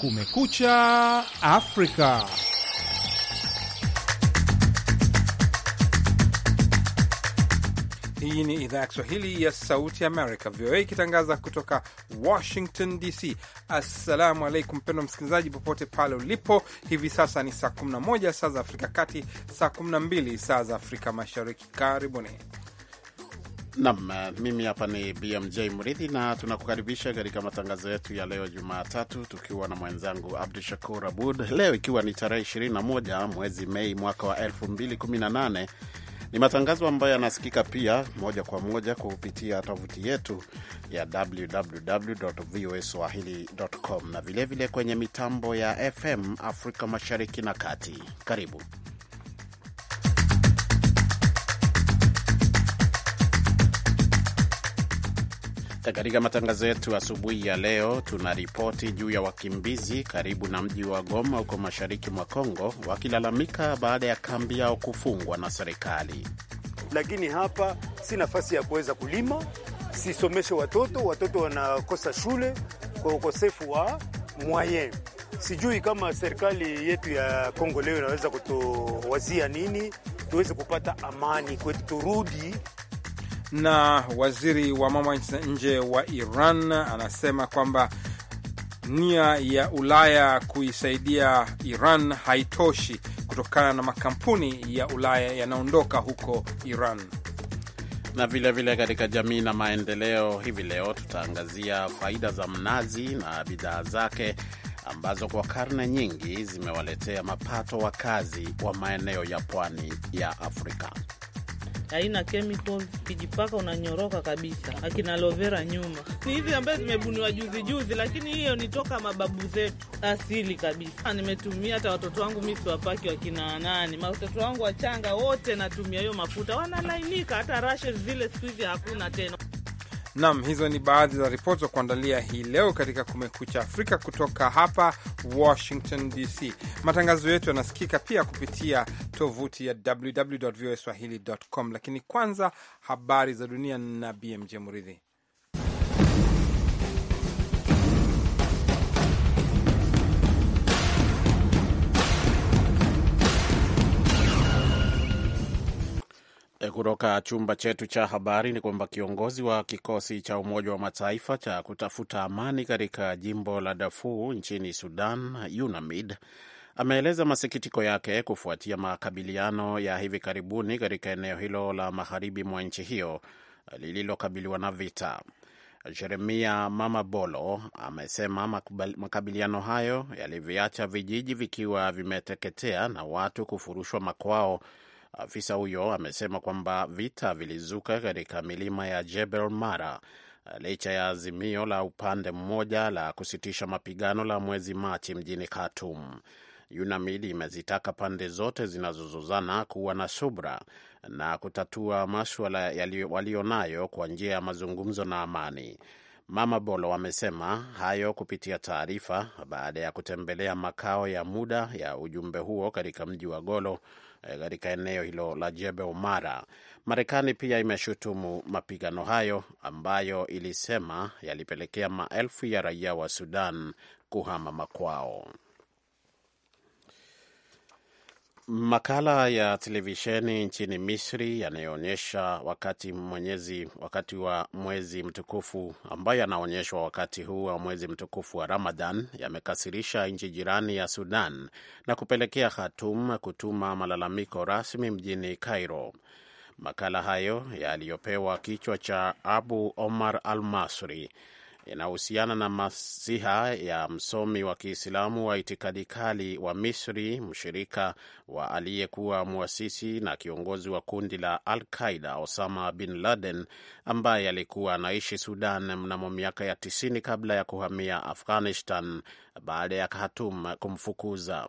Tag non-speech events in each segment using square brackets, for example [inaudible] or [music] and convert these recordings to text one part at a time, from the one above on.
Kumekucha Afrika. Hii ni idhaa ya Kiswahili ya Sauti Amerika, VOA, ikitangaza kutoka Washington DC. Assalamu alaikum, mpendwa msikilizaji, popote pale ulipo. Hivi sasa ni saa 11 saa za Afrika Kati, saa 12 saa za Afrika Mashariki. Karibuni. Nam, eh, mimi hapa ni BMJ mridhi na tunakukaribisha katika matangazo yetu ya leo Jumatatu, tukiwa na mwenzangu Abdu Shakur Abud, leo ikiwa ni tarehe 21 mwezi Mei mwaka wa 2018. Ni matangazo ambayo yanasikika pia moja kwa moja kupitia tovuti yetu ya www voa www.voaswahili.com na vilevile vile kwenye mitambo ya FM Afrika Mashariki na Kati. Karibu E, katika matangazo yetu asubuhi ya leo, tuna ripoti juu ya wakimbizi karibu na mji wa Goma huko mashariki mwa Kongo wakilalamika baada ya kambi yao kufungwa na serikali. Lakini hapa si nafasi ya kuweza kulima, sisomeshe watoto, watoto wanakosa shule kwa ukosefu wa mwaye. Sijui kama serikali yetu ya Kongo leo inaweza kutuwazia nini tuweze kupata amani kwetu, turudi na waziri wa mambo ya nje wa Iran anasema kwamba nia ya Ulaya kuisaidia Iran haitoshi kutokana na makampuni ya Ulaya yanaondoka huko Iran. Na vilevile katika jamii na maendeleo, hivi leo tutaangazia faida za mnazi na bidhaa zake ambazo kwa karne nyingi zimewaletea mapato wakazi wa maeneo ya pwani ya Afrika haina chemical, kijipaka unanyoroka kabisa. Akina lovera nyuma ni hizi ambayo zimebuniwa juzi juzi, lakini hiyo ni toka mababu zetu asili kabisa. Ah, nimetumia hata watoto wangu mi siwapaki wakina nani, watoto wangu wachanga wote natumia hiyo mafuta, wanalainika. Hata rashe zile siku hizi hakuna tena. Nam, hizo ni baadhi za ripoti za kuandalia hii leo katika Kumekucha Afrika kutoka hapa Washington DC. Matangazo yetu yanasikika pia kupitia tovuti ya www voa swahili com, lakini kwanza habari za dunia na BMJ Muridhi. Eh, kutoka chumba chetu cha habari ni kwamba kiongozi wa kikosi cha Umoja wa Mataifa cha kutafuta amani katika jimbo la Darfur nchini Sudan, UNAMID, ameeleza masikitiko yake kufuatia makabiliano ya hivi karibuni katika eneo hilo la magharibi mwa nchi hiyo eh, lililokabiliwa na vita. Jeremia Mama Bolo amesema makabiliano hayo yalivyoacha vijiji vikiwa vimeteketea na watu kufurushwa makwao Afisa huyo amesema kwamba vita vilizuka katika milima ya Jebel Mara eh, licha ya azimio la upande mmoja la kusitisha mapigano la mwezi Machi mjini Khartoum. UNAMID imezitaka pande zote zinazozozana kuwa na subra na kutatua maswala walionayo kwa njia ya mazungumzo na amani. Mama Bolo amesema hayo kupitia taarifa baada ya kutembelea makao ya muda ya ujumbe huo katika mji wa Golo Eh, katika eneo hilo la jebe omara Marekani pia imeshutumu mapigano hayo ambayo ilisema yalipelekea maelfu ya raia wa Sudan kuhama makwao. Makala ya televisheni nchini Misri yanayoonyesha wakati mwenyezi wakati wa mwezi mtukufu ambayo yanaonyeshwa wakati huu wa mwezi mtukufu wa Ramadhan yamekasirisha nchi jirani ya Sudan na kupelekea Khartoum kutuma malalamiko rasmi mjini Cairo. Makala hayo yaliyopewa kichwa cha Abu Omar al Masri inahusiana na masiha ya msomi wa Kiislamu wa itikadi kali wa Misri, mshirika wa aliyekuwa mwasisi na kiongozi wa kundi la Al Qaida Osama bin Laden, ambaye alikuwa anaishi Sudan mnamo miaka ya tisini kabla ya kuhamia Afghanistan baada ya Khartoum kumfukuza.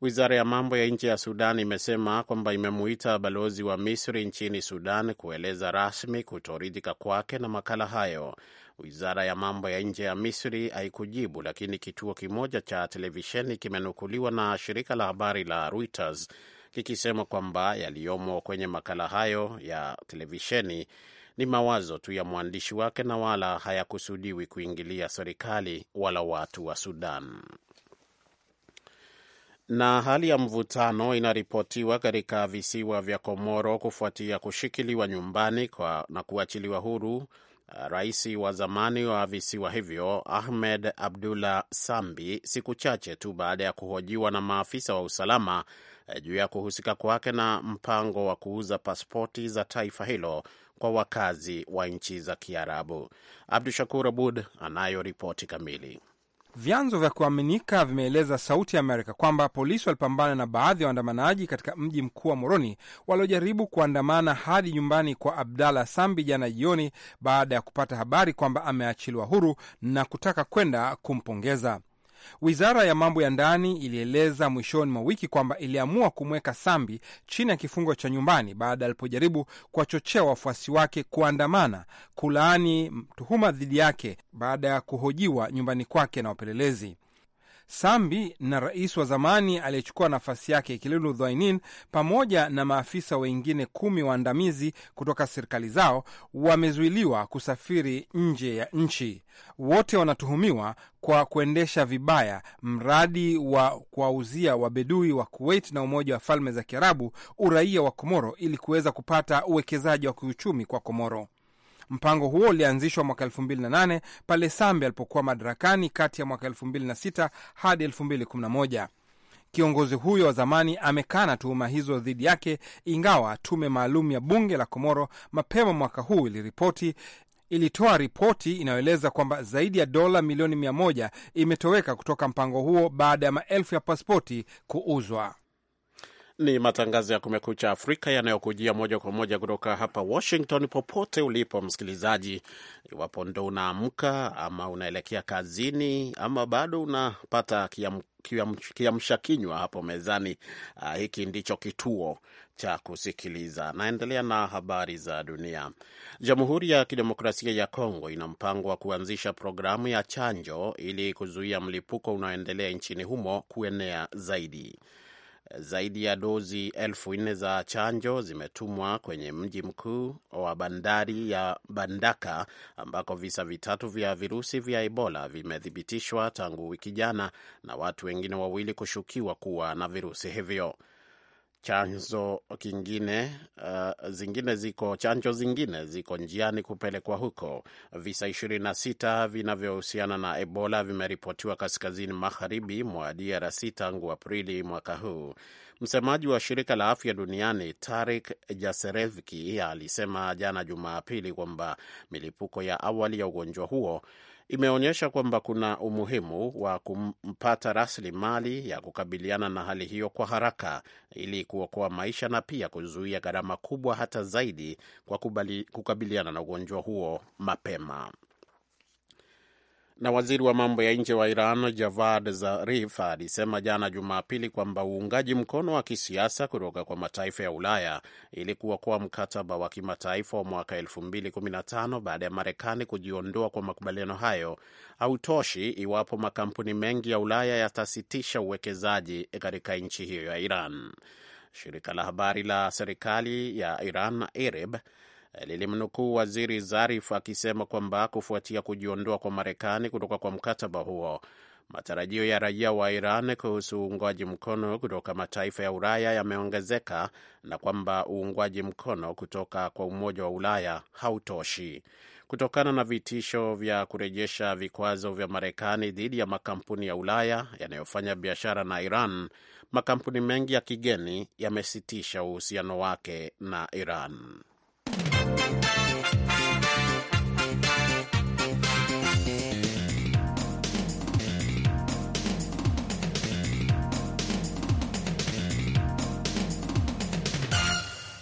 Wizara ya mambo ya nje ya Sudan imesema kwamba imemuita balozi wa Misri nchini Sudan kueleza rasmi kutoridhika kwake na makala hayo. Wizara ya mambo ya nje ya Misri haikujibu, lakini kituo kimoja cha televisheni kimenukuliwa na shirika la habari la Reuters kikisema kwamba yaliyomo kwenye makala hayo ya televisheni ni mawazo tu ya mwandishi wake na wala hayakusudiwi kuingilia serikali wala watu wa Sudan. Na hali ya mvutano inaripotiwa katika visiwa vya Komoro kufuatia kushikiliwa nyumbani kwa na kuachiliwa huru uh, rais wa zamani wa visiwa hivyo Ahmed Abdullah Sambi siku chache tu baada ya kuhojiwa na maafisa wa usalama uh, juu ya kuhusika kwake na mpango wa kuuza pasipoti za taifa hilo kwa wakazi wa nchi za Kiarabu. Abdu Shakur Abud anayo ripoti kamili. Vyanzo vya kuaminika vimeeleza Sauti ya Amerika kwamba polisi walipambana na baadhi ya wa waandamanaji katika mji mkuu wa Moroni waliojaribu kuandamana hadi nyumbani kwa Abdalla Sambi jana jioni, baada ya kupata habari kwamba ameachiliwa huru na kutaka kwenda kumpongeza. Wizara ya mambo ya ndani ilieleza mwishoni mwa wiki kwamba iliamua kumweka Sambi chini ya kifungo cha nyumbani baada alipojaribu kuwachochea wafuasi wake kuandamana kulaani tuhuma dhidi yake baada ya kuhojiwa nyumbani kwake na wapelelezi. Sambi na rais wa zamani aliyechukua nafasi yake Kililu Dhainin pamoja na maafisa wengine kumi waandamizi kutoka serikali zao wamezuiliwa kusafiri nje ya nchi. Wote wanatuhumiwa kwa kuendesha vibaya mradi wa kuwauzia wabedui wa Kuwait na Umoja wa Falme za Kiarabu uraia wa Komoro ili kuweza kupata uwekezaji wa kiuchumi kwa Komoro. Mpango huo ulianzishwa mwaka nane pale Sambe alipokuwa madarakani kati ya mwaka sita hadi moja. Kiongozi huyo wa zamani amekana tuhuma hizo dhidi yake, ingawa tume maalum ya bunge la Komoro mapema mwaka huu iliripoti ilitoa ripoti inayoeleza kwamba zaidi ya dola milioni mia moja imetoweka kutoka mpango huo baada ya maelfu ya pasipoti kuuzwa. Ni matangazo ya Kumekucha Afrika yanayokujia moja kwa moja kutoka hapa Washington. Popote ulipo msikilizaji, iwapo ndo unaamka ama unaelekea kazini ama bado unapata kiamsha kinywa hapo mezani, uh, hiki ndicho kituo cha kusikiliza. Naendelea na habari za dunia. Jamhuri ya Kidemokrasia ya Kongo ina mpango wa kuanzisha programu ya chanjo ili kuzuia mlipuko unaoendelea nchini humo kuenea zaidi. Zaidi ya dozi elfu nne za chanjo zimetumwa kwenye mji mkuu wa bandari ya Bandaka ambako visa vitatu vya virusi vya Ebola vimethibitishwa tangu wiki jana na watu wengine wawili kushukiwa kuwa na virusi hivyo chanzo kingine uh, zingine ziko chanjo zingine ziko njiani kupelekwa huko. Visa 26 vinavyohusiana na Ebola vimeripotiwa kaskazini magharibi mwa DRC tangu Aprili mwaka huu. Msemaji wa shirika la afya duniani Tarik Jaserevki alisema jana Jumapili kwamba milipuko ya awali ya ugonjwa huo imeonyesha kwamba kuna umuhimu wa kumpata rasilimali ya kukabiliana na hali hiyo kwa haraka ili kuokoa maisha na pia kuzuia gharama kubwa hata zaidi kwa kukabiliana na ugonjwa huo mapema. Na waziri wa mambo ya nje wa Iran Javad Zarif alisema jana Jumapili kwamba uungaji mkono wa kisiasa kutoka kwa mataifa ya Ulaya ili kuokoa mkataba wa kimataifa wa mwaka 2015 baada ya Marekani kujiondoa kwa makubaliano hayo hautoshi iwapo makampuni mengi ya Ulaya yatasitisha uwekezaji katika nchi hiyo ya Iran. Shirika la habari la serikali ya Iran IRIB lilimnukuu waziri Zarif akisema kwamba kufuatia kujiondoa kwa Marekani kutoka kwa mkataba huo, matarajio ya raia wa Iran kuhusu uungwaji mkono kutoka mataifa ya Ulaya yameongezeka na kwamba uungwaji mkono kutoka kwa Umoja wa Ulaya hautoshi kutokana na vitisho vya kurejesha vikwazo vya Marekani dhidi ya makampuni ya Ulaya yanayofanya biashara na Iran. Makampuni mengi ya kigeni yamesitisha uhusiano wake na Iran.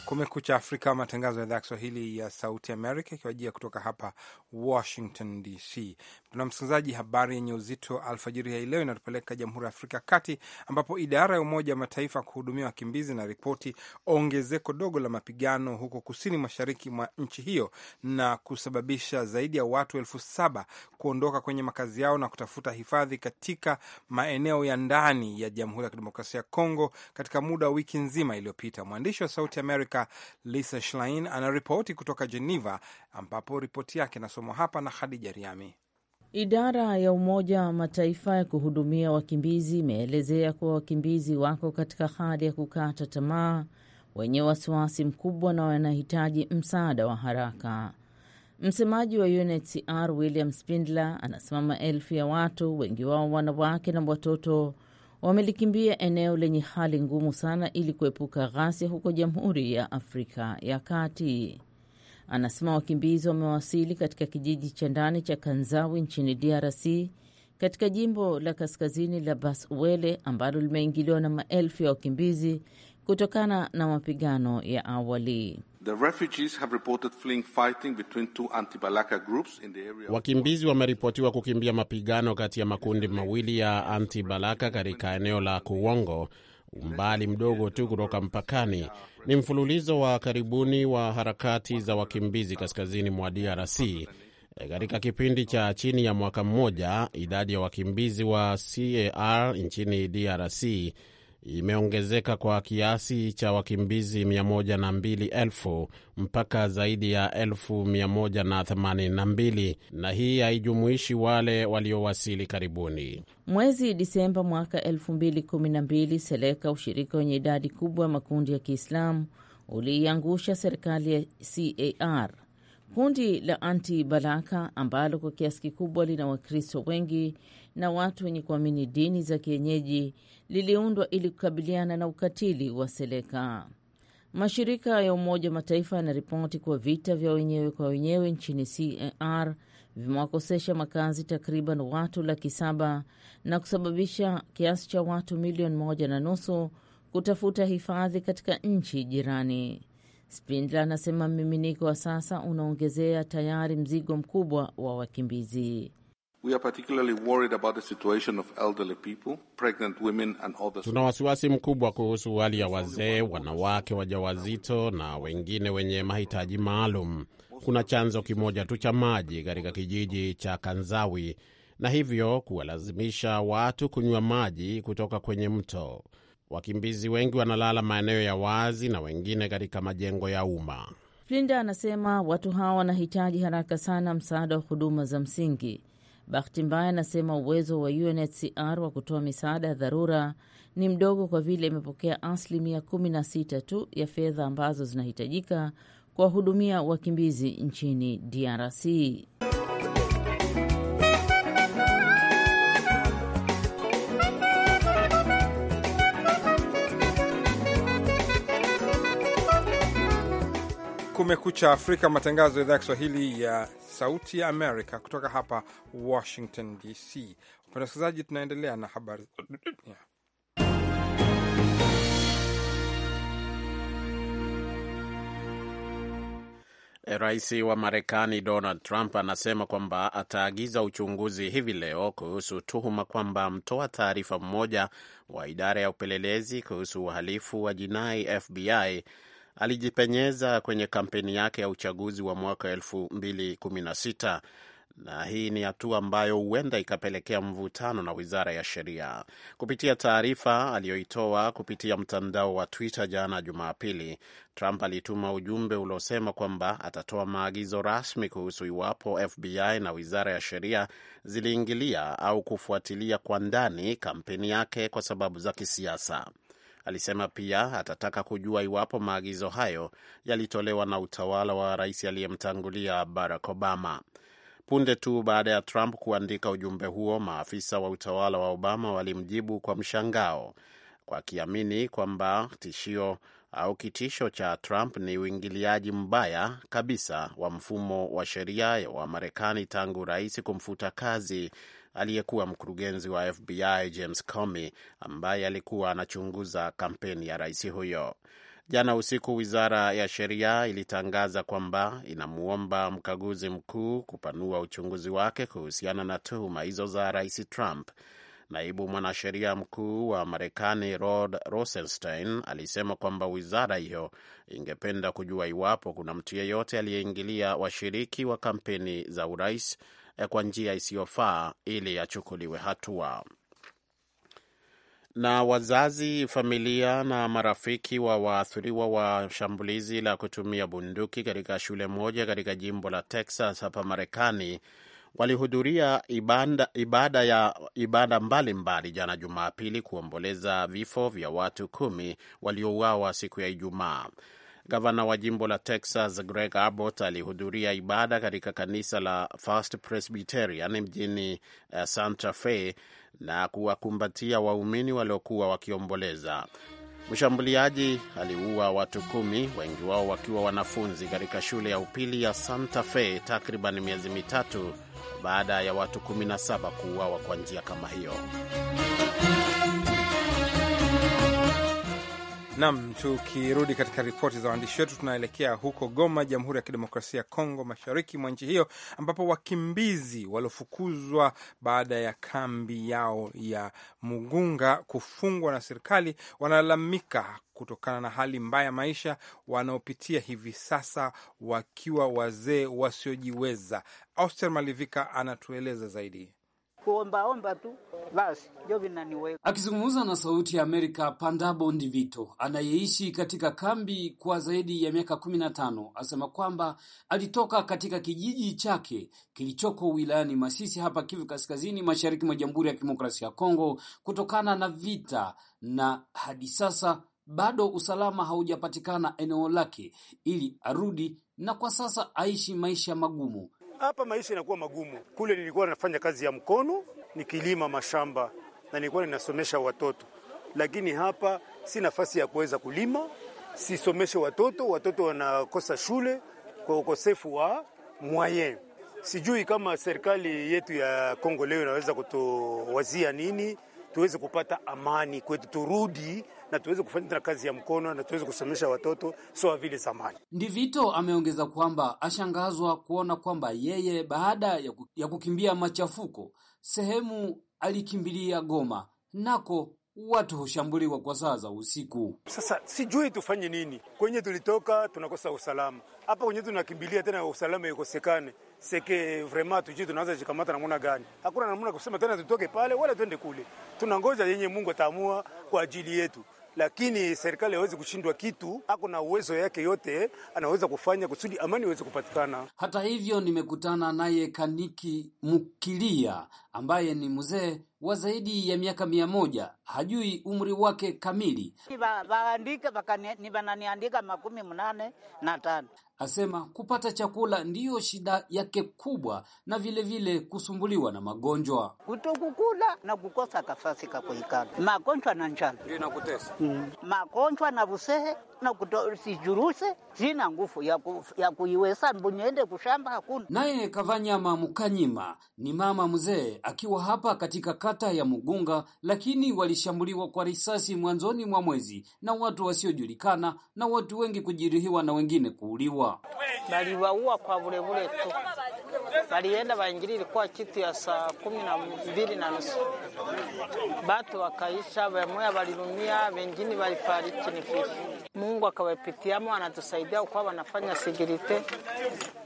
Kumekucha Afrika, matangazo ya idhaa ya Kiswahili ya Sauti Amerika ikiwajia kutoka hapa Washington DC. Tuna msikilizaji, habari yenye uzito alfajiri hii leo inatupeleka Jamhuri ya Afrika Kati, ambapo idara ya Umoja wa Mataifa kuhudumia wakimbizi na ripoti ongezeko dogo la mapigano huko kusini mashariki mwa nchi hiyo na kusababisha zaidi ya watu elfu saba kuondoka kwenye makazi yao na kutafuta hifadhi katika maeneo ya ndani ya Jamhuri ya Kidemokrasia ya Kongo katika muda wa wiki nzima iliyopita. Mwandishi wa Sauti Amerika Lisa Schlein anaripoti kutoka Geneva, ambapo ripoti yake inasomwa hapa na Khadija Riami. Idara ya Umoja wa Mataifa ya kuhudumia wakimbizi imeelezea kuwa wakimbizi wako katika hali ya kukata tamaa, wenye wasiwasi mkubwa na wanahitaji msaada wa haraka. Msemaji wa UNHCR William Spindler anasema maelfu ya watu, wengi wao wanawake na watoto, wamelikimbia eneo lenye hali ngumu sana ili kuepuka ghasia huko Jamhuri ya Afrika ya Kati. Anasema wakimbizi wamewasili katika kijiji cha ndani cha Kanzawi nchini DRC katika jimbo la kaskazini la Basuele ambalo limeingiliwa na maelfu ya wakimbizi kutokana na mapigano ya awali. Wakimbizi wameripotiwa kukimbia mapigano kati ya makundi mawili ya anti-balaka katika eneo la kuongo umbali mdogo tu kutoka mpakani. Ni mfululizo wa karibuni wa harakati za wakimbizi kaskazini mwa DRC. E, katika kipindi cha chini ya mwaka mmoja, idadi ya wakimbizi wa CAR nchini DRC imeongezeka kwa kiasi cha wakimbizi 102,000 mpaka zaidi ya 182,000 na hii haijumuishi wale waliowasili karibuni. Mwezi Disemba mwaka 2012, Seleka, ushirika wenye idadi kubwa ya makundi ya Kiislamu, uliiangusha serikali ya CAR. Kundi la Anti Balaka ambalo kwa kiasi kikubwa lina Wakristo wengi na watu wenye kuamini dini za kienyeji liliundwa ili kukabiliana na ukatili wa Seleka. Mashirika ya Umoja wa Mataifa yanaripoti kuwa vita vya wenyewe kwa wenyewe nchini CAR vimewakosesha makazi takriban watu laki saba na kusababisha kiasi cha watu milioni moja na nusu kutafuta hifadhi katika nchi jirani. Spindler anasema mmiminiko wa sasa unaongezea tayari mzigo mkubwa wa wakimbizi. Tuna wasiwasi mkubwa kuhusu hali ya wazee, wanawake wajawazito na wengine wenye mahitaji maalum. Kuna chanzo kimoja tu cha maji katika kijiji cha Kanzawi na hivyo kuwalazimisha watu kunywa maji kutoka kwenye mto. Wakimbizi wengi wanalala maeneo ya wazi na wengine katika majengo ya umma. Flinda anasema watu hawa wanahitaji haraka sana msaada wa huduma za msingi. Bahati mbaya anasema uwezo wa UNHCR wa kutoa misaada ya dharura ni mdogo kwa vile imepokea asilimia 16 tu ya fedha ambazo zinahitajika kuwahudumia wakimbizi nchini DRC. Kumekucha Afrika, matangazo ya idhaa ya Kiswahili ya Sauti ya Amerika kutoka hapa Washington DC. Wapenda wasikilizaji, tunaendelea na habari yeah. Eh, Rais wa Marekani Donald Trump anasema kwamba ataagiza uchunguzi hivi leo kuhusu tuhuma kwamba mtoa taarifa mmoja wa idara ya upelelezi kuhusu uhalifu wa jinai FBI alijipenyeza kwenye kampeni yake ya uchaguzi wa mwaka 2016 na hii ni hatua ambayo huenda ikapelekea mvutano na wizara ya sheria. Kupitia taarifa aliyoitoa kupitia mtandao wa Twitter jana Jumapili, Trump alituma ujumbe uliosema kwamba atatoa maagizo rasmi kuhusu iwapo FBI na wizara ya sheria ziliingilia au kufuatilia kwa ndani kampeni yake kwa sababu za kisiasa. Alisema pia atataka kujua iwapo maagizo hayo yalitolewa na utawala wa rais aliyemtangulia Barack Obama. Punde tu baada ya Trump kuandika ujumbe huo, maafisa wa utawala wa Obama walimjibu kwa mshangao, wakiamini kwamba tishio au kitisho cha Trump ni uingiliaji mbaya kabisa wa mfumo wa sheria wa Marekani tangu rais kumfuta kazi aliyekuwa mkurugenzi wa FBI James Comey, ambaye alikuwa anachunguza kampeni ya rais huyo. Jana usiku, wizara ya sheria ilitangaza kwamba inamwomba mkaguzi mkuu kupanua uchunguzi wake kuhusiana na tuhuma hizo za rais Trump. Naibu mwanasheria mkuu wa Marekani Rod Rosenstein alisema kwamba wizara hiyo ingependa kujua iwapo kuna mtu yeyote aliyeingilia washiriki wa kampeni za urais Eh, kwa njia isiyofaa ili achukuliwe hatua. Na wazazi, familia na marafiki wa waathiriwa wa shambulizi la kutumia bunduki katika shule moja katika jimbo la Texas hapa Marekani walihudhuria ibada, ibada ya ibada mbalimbali jana Jumapili kuomboleza vifo vya watu kumi waliouawa siku ya Ijumaa. Gavana wa jimbo la Texas Greg Abbott alihudhuria ibada katika kanisa la First Presbyterian mjini eh, Santa Fe na kuwakumbatia waumini waliokuwa wakiomboleza. Mshambuliaji aliua watu kumi, wengi wao wakiwa wanafunzi katika shule ya upili ya Santa Fe takriban miezi mitatu baada ya watu 17 kuuawa kwa njia kama hiyo. Nam, tukirudi katika ripoti za waandishi wetu, tunaelekea huko Goma, Jamhuri ya Kidemokrasia ya Kongo, mashariki mwa nchi hiyo, ambapo wakimbizi waliofukuzwa baada ya kambi yao ya Mugunga kufungwa na serikali wanalalamika kutokana na hali mbaya ya maisha wanaopitia hivi sasa, wakiwa wazee wasiojiweza. Auster Malivika anatueleza zaidi kuombaomba tu basi, ndio vinaniweka. Akizungumza na Sauti ya Amerika, Pandabo Ndivito anayeishi katika kambi kwa zaidi ya miaka kumi na tano asema kwamba alitoka katika kijiji chake kilichoko wilayani Masisi hapa Kivu Kaskazini, mashariki mwa Jamhuri ya Kidemokrasia ya Kongo kutokana na vita, na hadi sasa bado usalama haujapatikana eneo lake ili arudi, na kwa sasa aishi maisha magumu. Hapa maisha inakuwa magumu. Kule nilikuwa nafanya kazi ya mkono nikilima mashamba na nilikuwa ninasomesha watoto, lakini hapa si nafasi ya kuweza kulima, sisomeshe watoto, watoto wanakosa shule kwa ukosefu wa mwaye. Sijui kama serikali yetu ya Kongo leo inaweza kutuwazia nini tuweze kupata amani kwetu, turudi na tuweze kufanya tena kazi ya mkono na tuweze kusomesha watoto, sio vile zamani. Ndivito ameongeza kwamba ashangazwa kuona kwamba yeye baada ya kukimbia machafuko, sehemu alikimbilia Goma nako watu hushambuliwa kwa saa za usiku. Sasa sijui tufanye nini, kwenye tulitoka tunakosa usalama, hapa kwenye tunakimbilia tena usalama ikosekane seke vraiment, tujui tunaanza jikamata namna gani? Hakuna namna kusema tena tutoke pale wala twende kule, tunangoja yenye Mungu ataamua kwa ajili yetu lakini serikali hawezi kushindwa kitu, ako na uwezo yake yote anaweza kufanya kusudi amani iweze kupatikana. Hata hivyo, nimekutana naye Kaniki Mukilia ambaye ni mzee wa zaidi ya miaka mia moja hajui umri wake kamili. Waandike makumi mnane na tano. Asema kupata chakula ndiyo shida yake kubwa, na vilevile vile kusumbuliwa na magonjwa, kutokukula na kukosa nafasi kakuikala, magonjwa na njala ndio inakutesa mm. magonjwa na vusehe na kutosijuruse zina nguvu ya, ku, ya kuiwesa mbunyende kushamba hakuna. Naye Kavanyama Mukanyima ni mama mzee akiwa hapa katika kata kata ya Mugunga, lakini walishambuliwa kwa risasi mwanzoni mwa mwezi na watu wasiojulikana na watu wengi kujeruhiwa na wengine kuuliwa. Naliwaua kwa vulevule tu balienda wainjili ilikuwa kitu ya saa kumi na mbili na nusu batu wakaisha, wamoya walirumia, wengini walifariki. Ni vipi Mungu akawapitiamo, anatusaidia kwa wanafanya sigirite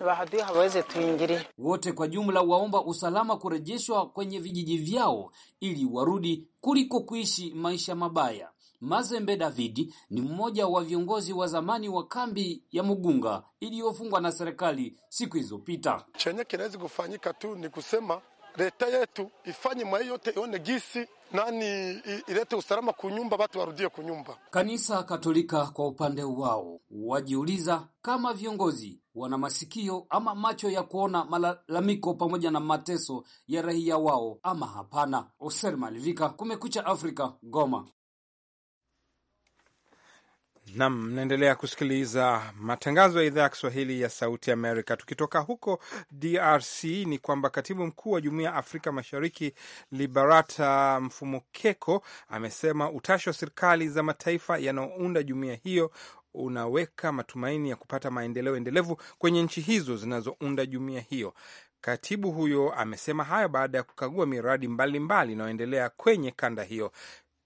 wahadui hawaweze tuingiri wote kwa jumla. Waomba usalama kurejeshwa kwenye vijiji vyao ili warudi kuliko kuishi maisha mabaya. Mazembe David ni mmoja wa viongozi wa zamani wa kambi ya Mugunga iliyofungwa na serikali siku hizopita Chenye kinaweza kufanyika tu ni kusema leta yetu ifanye mwa yote ione gisi nani ilete usalama kunyumba, watu warudie kunyumba. Kanisa Katolika kwa upande wao wajiuliza kama viongozi wana masikio ama macho ya kuona malalamiko pamoja na mateso ya raia wao ama hapana. Oser Malivika, Kumekucha Afrika, Goma. Nam, mnaendelea kusikiliza matangazo ya idhaa ya Kiswahili ya Sauti Amerika. Tukitoka huko DRC ni kwamba katibu mkuu wa Jumuiya ya Afrika Mashariki Liberata Mfumukeko amesema utashi wa serikali za mataifa yanayounda jumuiya hiyo unaweka matumaini ya kupata maendeleo endelevu kwenye nchi hizo zinazounda jumuiya hiyo. Katibu huyo amesema hayo baada ya kukagua miradi mbalimbali inayoendelea kwenye kanda hiyo.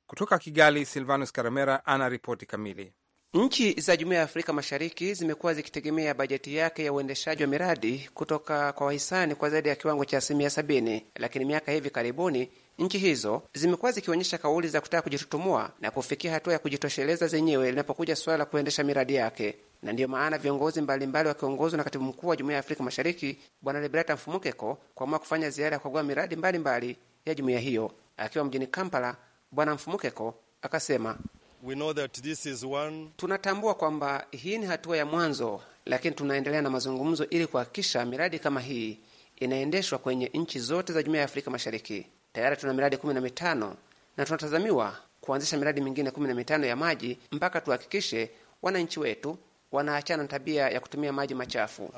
Kutoka Kigali, Silvanus Karamera ana ripoti kamili. Nchi za Jumuiya ya Afrika Mashariki zimekuwa zikitegemea bajeti yake ya uendeshaji wa miradi kutoka kwa wahisani kwa zaidi ya kiwango cha asilimia sabini, lakini miaka hivi karibuni nchi hizo zimekuwa zikionyesha kauli za kutaka kujitutumua na kufikia hatua ya kujitosheleza zenyewe linapokuja suala la kuendesha miradi yake, na ndiyo maana viongozi mbalimbali wakiongozwa na katibu mkuu wa Jumuiya ya Afrika Mashariki Bwana Liberata Mfumukeko kuamua kufanya ziara ya kukagua miradi mbalimbali mbali ya jumuiya hiyo. Akiwa mjini Kampala, Bwana Mfumukeko akasema We know that this is one... tunatambua kwamba hii ni hatua ya mwanzo, lakini tunaendelea na mazungumzo ili kuhakikisha miradi kama hii inaendeshwa kwenye nchi zote za Jumuiya ya Afrika Mashariki. Tayari tuna miradi kumi na mitano na tunatazamiwa kuanzisha miradi mingine kumi na mitano ya maji mpaka tuhakikishe wananchi wetu wanaachana na tabia ya kutumia maji machafu.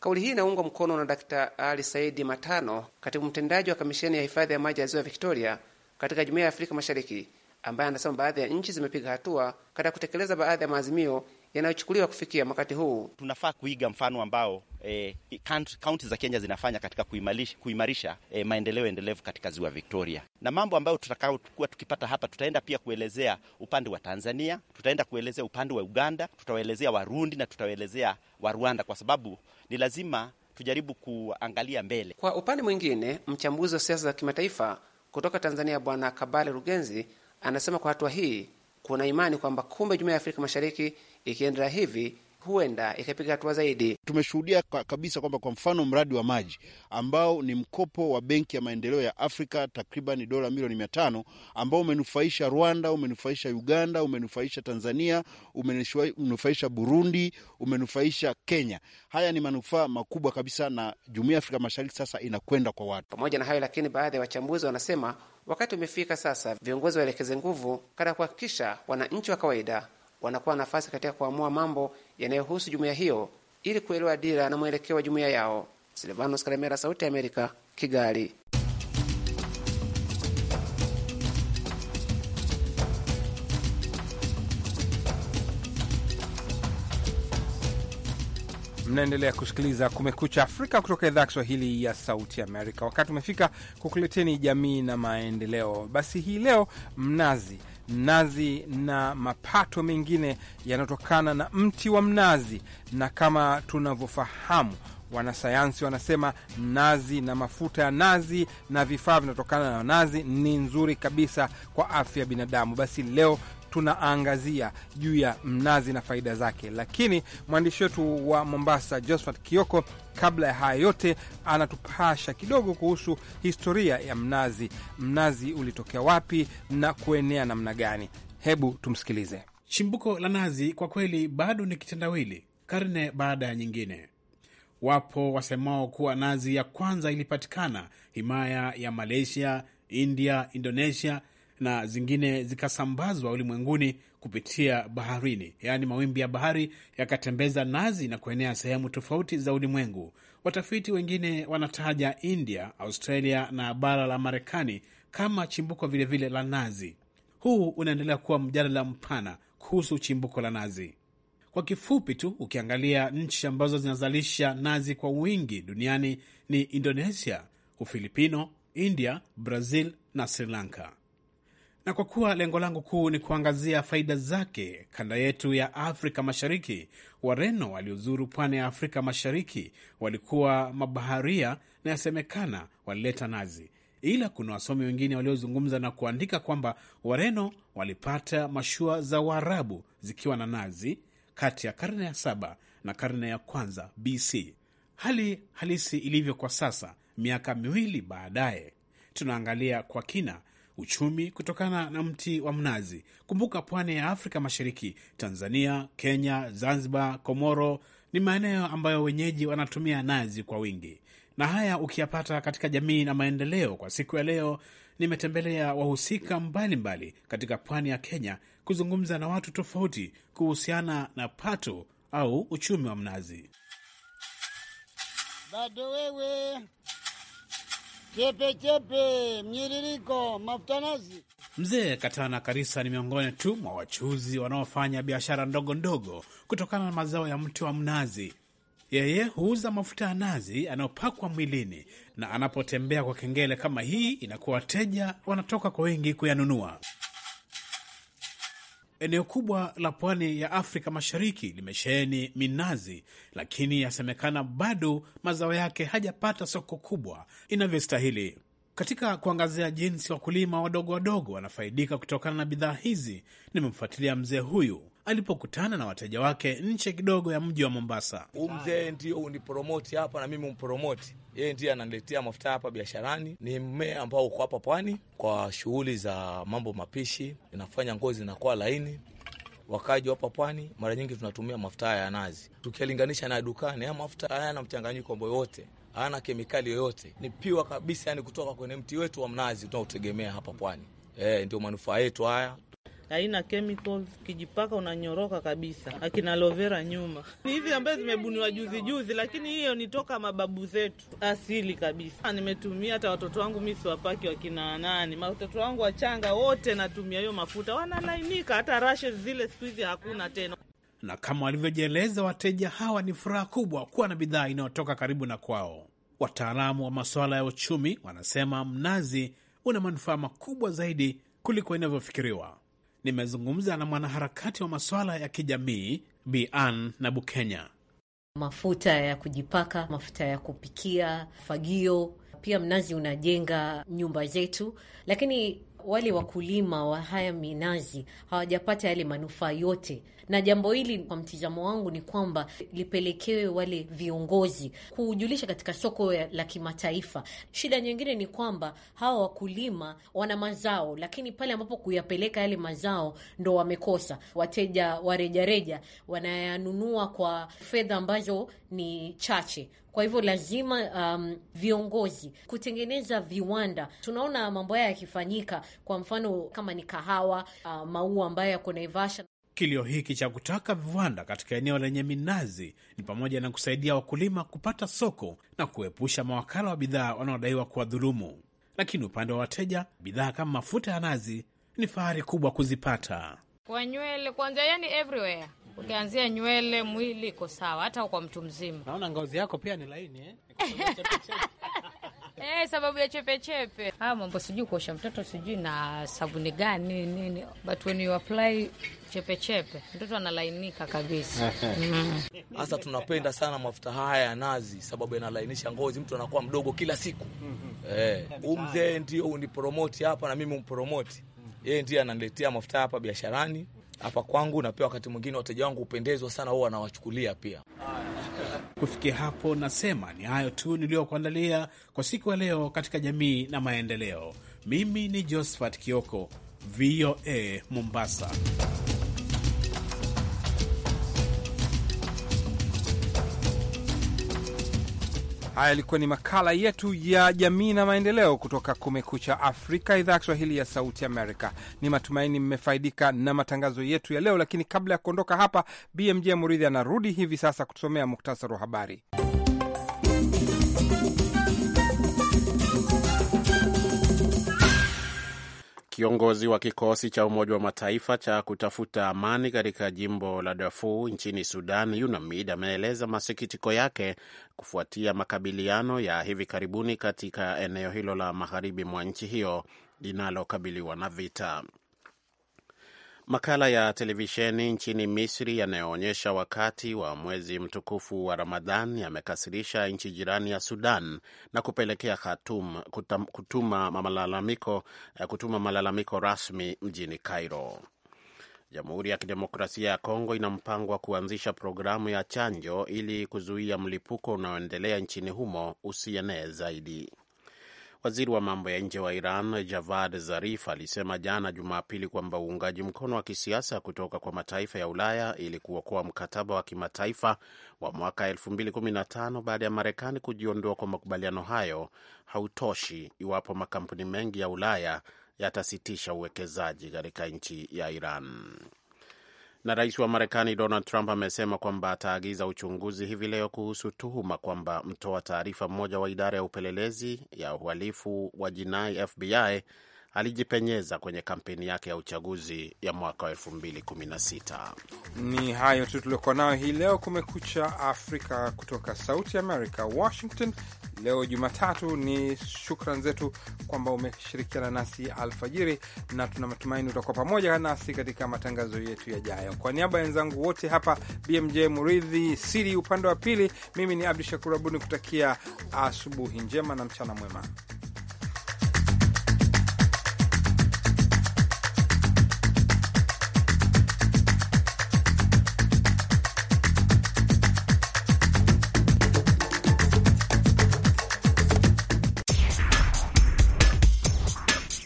Kauli hii inaungwa mkono na Dkt. Ali Saidi Matano, katibu mtendaji wa kamisheni ya hifadhi ya maji ya ziwa Victoria, katika Jumuiya ya Afrika Mashariki, ambaye anasema baadhi ya nchi zimepiga hatua katika kutekeleza baadhi ya maazimio yanayochukuliwa kufikia wakati huu. Tunafaa kuiga mfano ambao eh, kaunti za Kenya zinafanya katika kuimarisha eh, maendeleo endelevu katika ziwa Victoria, na mambo ambayo tutakaokuwa tukipata hapa, tutaenda pia kuelezea upande wa Tanzania, tutaenda kuelezea upande wa Uganda, tutawaelezea Warundi na tutawaelezea wa rwanda kwa sababu ni lazima tujaribu kuangalia mbele. Kwa upande mwingine, mchambuzi wa siasa za kimataifa kutoka Tanzania, Bwana Kabale Rugenzi anasema kwa hatua hii kuna imani kwamba kumbe jumuiya ya Afrika Mashariki ikiendelea hivi huenda ikapiga hatua zaidi. Tumeshuhudia kabisa kwamba kwa mfano mradi wa maji ambao ni mkopo wa Benki ya Maendeleo ya Afrika takriban dola milioni mia tano ambao umenufaisha Rwanda, umenufaisha Uganda, umenufaisha Tanzania, umenufaisha Burundi, umenufaisha Kenya. Haya ni manufaa makubwa kabisa, na Jumuiya ya Afrika Mashariki sasa inakwenda kwa watu. Pamoja na hayo lakini, baadhi ya wachambuzi wanasema wakati umefika sasa viongozi waelekeze nguvu katika kuhakikisha wananchi wa kawaida wanakuwa na nafasi katika kuamua mambo yanayohusu jumuiya hiyo ili kuelewa dira na mwelekeo wa jumuiya yao. Silvanos Karemera, Sauti ya Amerika, Kigali. Mnaendelea kusikiliza Kumekucha Afrika kutoka idhaa ya Kiswahili ya Sauti Amerika. Wakati umefika kukuleteni Jamii na Maendeleo. Basi hii leo mnazi mnazi na mapato mengine yanayotokana na mti wa mnazi, na kama tunavyofahamu wanasayansi wanasema nazi na mafuta ya nazi na vifaa vinatokana na nazi ni nzuri kabisa kwa afya ya binadamu. Basi leo tunaangazia juu ya mnazi na faida zake, lakini mwandishi wetu wa Mombasa Josephat Kioko, kabla ya haya yote, anatupasha kidogo kuhusu historia ya mnazi. Mnazi ulitokea wapi na kuenea namna gani? Hebu tumsikilize. Chimbuko la nazi kwa kweli bado ni kitendawili, karne baada ya nyingine. Wapo wasemao kuwa nazi ya kwanza ilipatikana himaya ya Malaysia, India, Indonesia na zingine zikasambazwa ulimwenguni kupitia baharini, yaani mawimbi ya bahari yakatembeza nazi na kuenea sehemu tofauti za ulimwengu. Watafiti wengine wanataja India, Australia na bara la Marekani kama chimbuko vilevile vile la nazi. Huu unaendelea kuwa mjadala mpana kuhusu chimbuko la nazi. Kwa kifupi tu, ukiangalia nchi ambazo zinazalisha nazi kwa wingi duniani ni Indonesia, Ufilipino, India, Brazil na Sri Lanka na kwa kuwa lengo langu kuu ni kuangazia faida zake kanda yetu ya Afrika Mashariki, Wareno waliozuru pwani ya Afrika Mashariki walikuwa mabaharia na yasemekana walileta nazi, ila kuna wasomi wengine waliozungumza na kuandika kwamba Wareno walipata mashua za Waarabu zikiwa na nazi kati ya karne ya saba na karne ya kwanza BC. Hali halisi ilivyo kwa sasa, miaka miwili baadaye, tunaangalia kwa kina uchumi kutokana na mti wa mnazi. Kumbuka pwani ya Afrika Mashariki, Tanzania, Kenya, Zanzibar, Komoro ni maeneo ambayo wenyeji wanatumia nazi kwa wingi, na haya ukiyapata katika jamii na maendeleo. Kwa siku ya leo nimetembelea wahusika mbalimbali katika pwani ya Kenya kuzungumza na watu tofauti kuhusiana na pato au uchumi wa mnazi. Bado wewe chepe, mnyiririko, mafuta nazi. Mzee Katana Karisa ni miongoni tu mwa wachuuzi wanaofanya biashara ndogo ndogo kutokana na mazao ya mti wa mnazi. Yeye huuza mafuta ya nazi anayopakwa mwilini, na anapotembea kwa kengele kama hii, inakuwa wateja wanatoka kwa wengi kuyanunua. Eneo kubwa la pwani ya Afrika Mashariki limesheheni minazi, lakini yasemekana bado mazao yake hajapata soko kubwa inavyostahili. Katika kuangazia jinsi wakulima wadogo wadogo wanafaidika kutokana na bidhaa hizi, nimemfuatilia mzee huyu alipokutana na wateja wake nche kidogo ya mji wa Mombasa. mzee ndio unipromoti hapa na mimi umpromoti yeye, ndiye ananiletea mafuta hapa biasharani. Ni mmea ambao uko hapa pwani kwa shughuli za mambo mapishi, inafanya ngozi inakuwa laini. Wakaji hapa pwani mara nyingi tunatumia mafuta haya ya nazi, tukilinganisha na dukani. Haya mafuta hayana mchanganyiko wowote, hayana kemikali yoyote, ni piwa kabisa, yani kutoka kwenye mti wetu wa mnazi tunaotegemea hapa pwani. E, ndio manufaa yetu haya haina chemicals, kijipaka unanyoroka kabisa. Akina lovera nyuma ni hizi ambazo zimebuniwa juzi juzi, lakini hiyo ni toka mababu zetu asili kabisa. Ah, nimetumia hata watoto wangu mi siwapaki wakina nani, watoto wangu wachanga wote natumia hiyo mafuta, wanalainika. Hata rashes zile siku hizi hakuna tena na kama walivyojieleza wateja hawa, ni furaha kubwa kuwa na bidhaa inayotoka karibu na kwao. Wataalamu wa masuala ya uchumi wanasema mnazi una manufaa makubwa zaidi kuliko inavyofikiriwa nimezungumza na mwanaharakati wa masuala ya kijamii Bi Ann bukenya Mafuta ya kujipaka, mafuta ya kupikia, fagio, pia mnazi unajenga nyumba zetu, lakini wale wakulima wa haya minazi hawajapata yale manufaa yote na jambo hili kwa mtizamo wangu ni kwamba lipelekewe wale viongozi kujulisha katika soko la kimataifa. Shida nyingine ni kwamba hawa wakulima wana mazao, lakini pale ambapo kuyapeleka yale mazao ndo wamekosa wateja. Wa rejareja wanayanunua kwa fedha ambazo ni chache. Kwa hivyo lazima um, viongozi kutengeneza viwanda. Tunaona mambo haya yakifanyika, kwa mfano kama ni kahawa uh, maua ambayo yako Naivasha. Kilio hiki cha kutaka viwanda katika eneo lenye minazi ni pamoja na kusaidia wakulima kupata soko na kuepusha mawakala wa bidhaa wanaodaiwa kuwadhulumu. Lakini upande wa wateja, bidhaa kama mafuta ya nazi ni fahari kubwa kuzipata. Kwa nywele kwanza, yani everywhere ukianzia nywele, mwili iko sawa, hata kwa mtu mzima. Naona ngozi yako pia ni laini eh? [laughs] eh, sababu ya chepechepe haya ah, mambo, sijui kuosha mtoto sijui na sabuni gani nini but when you apply chepechepe mtoto analainika kabisa hasa mm. Tunapenda sana mafuta haya ya nazi, sababu yanalainisha ngozi, mtu anakuwa mdogo kila siku mhm. Eh, umzee ndio unipromoti hapa na mimi umpromoti yeye ndiye ananiletea mafuta hapa biasharani hapa kwangu, na pia wakati mwingine wateja wangu hupendezwa sana, wao wanawachukulia pia. Kufikia hapo, nasema ni hayo tu niliyokuandalia kwa siku ya leo katika jamii na maendeleo. Mimi ni Josephat Kioko, VOA Mombasa. Haya yalikuwa ni makala yetu ya jamii na maendeleo kutoka Kumekucha Afrika, idhaa ya Kiswahili ya Sauti Amerika. Ni matumaini mmefaidika na matangazo yetu ya leo, lakini kabla ya kuondoka hapa, BMJ Muridhi anarudi hivi sasa kutusomea muktasari wa habari. Kiongozi wa kikosi cha Umoja wa Mataifa cha kutafuta amani katika jimbo la Darfur nchini Sudan, UNAMID, ameeleza masikitiko yake kufuatia makabiliano ya hivi karibuni katika eneo hilo la magharibi mwa nchi hiyo linalokabiliwa na vita. Makala ya televisheni nchini Misri yanayoonyesha wakati wa mwezi mtukufu wa Ramadhan yamekasirisha nchi jirani ya Sudan na kupelekea Khartoum kutuma malalamiko, eh, kutuma malalamiko rasmi mjini Cairo. Jamhuri ya Kidemokrasia ya Kongo ina mpango wa kuanzisha programu ya chanjo ili kuzuia mlipuko unaoendelea nchini humo usienee zaidi. Waziri wa mambo ya nje wa Iran Javad Zarif alisema jana Jumapili kwamba uungaji mkono wa kisiasa kutoka kwa mataifa ya Ulaya ili kuokoa mkataba wa kimataifa wa mwaka 2015 baada ya Marekani kujiondoa kwa makubaliano hayo hautoshi iwapo makampuni mengi ya Ulaya yatasitisha uwekezaji katika nchi ya Iran. Na rais wa Marekani Donald Trump amesema kwamba ataagiza uchunguzi hivi leo kuhusu tuhuma kwamba mtoa taarifa mmoja wa idara ya upelelezi ya uhalifu wa jinai FBI alijipenyeza kwenye kampeni yake ya uchaguzi ya mwaka wa 216 Ni hayo tu tuliokuwa nayo hii leo. Kumekucha Afrika kutoka Sauti America, Washington. Leo Jumatatu ni shukran zetu kwamba umeshirikiana nasi alfajiri, na tuna matumaini utakuwa pamoja nasi katika matangazo yetu yajayo. Kwa niaba ya wenzangu wote hapa, BMJ Muridhi Siri upande wa pili, mimi ni Abdu Shakur abuni kutakia asubuhi njema na mchana mwema.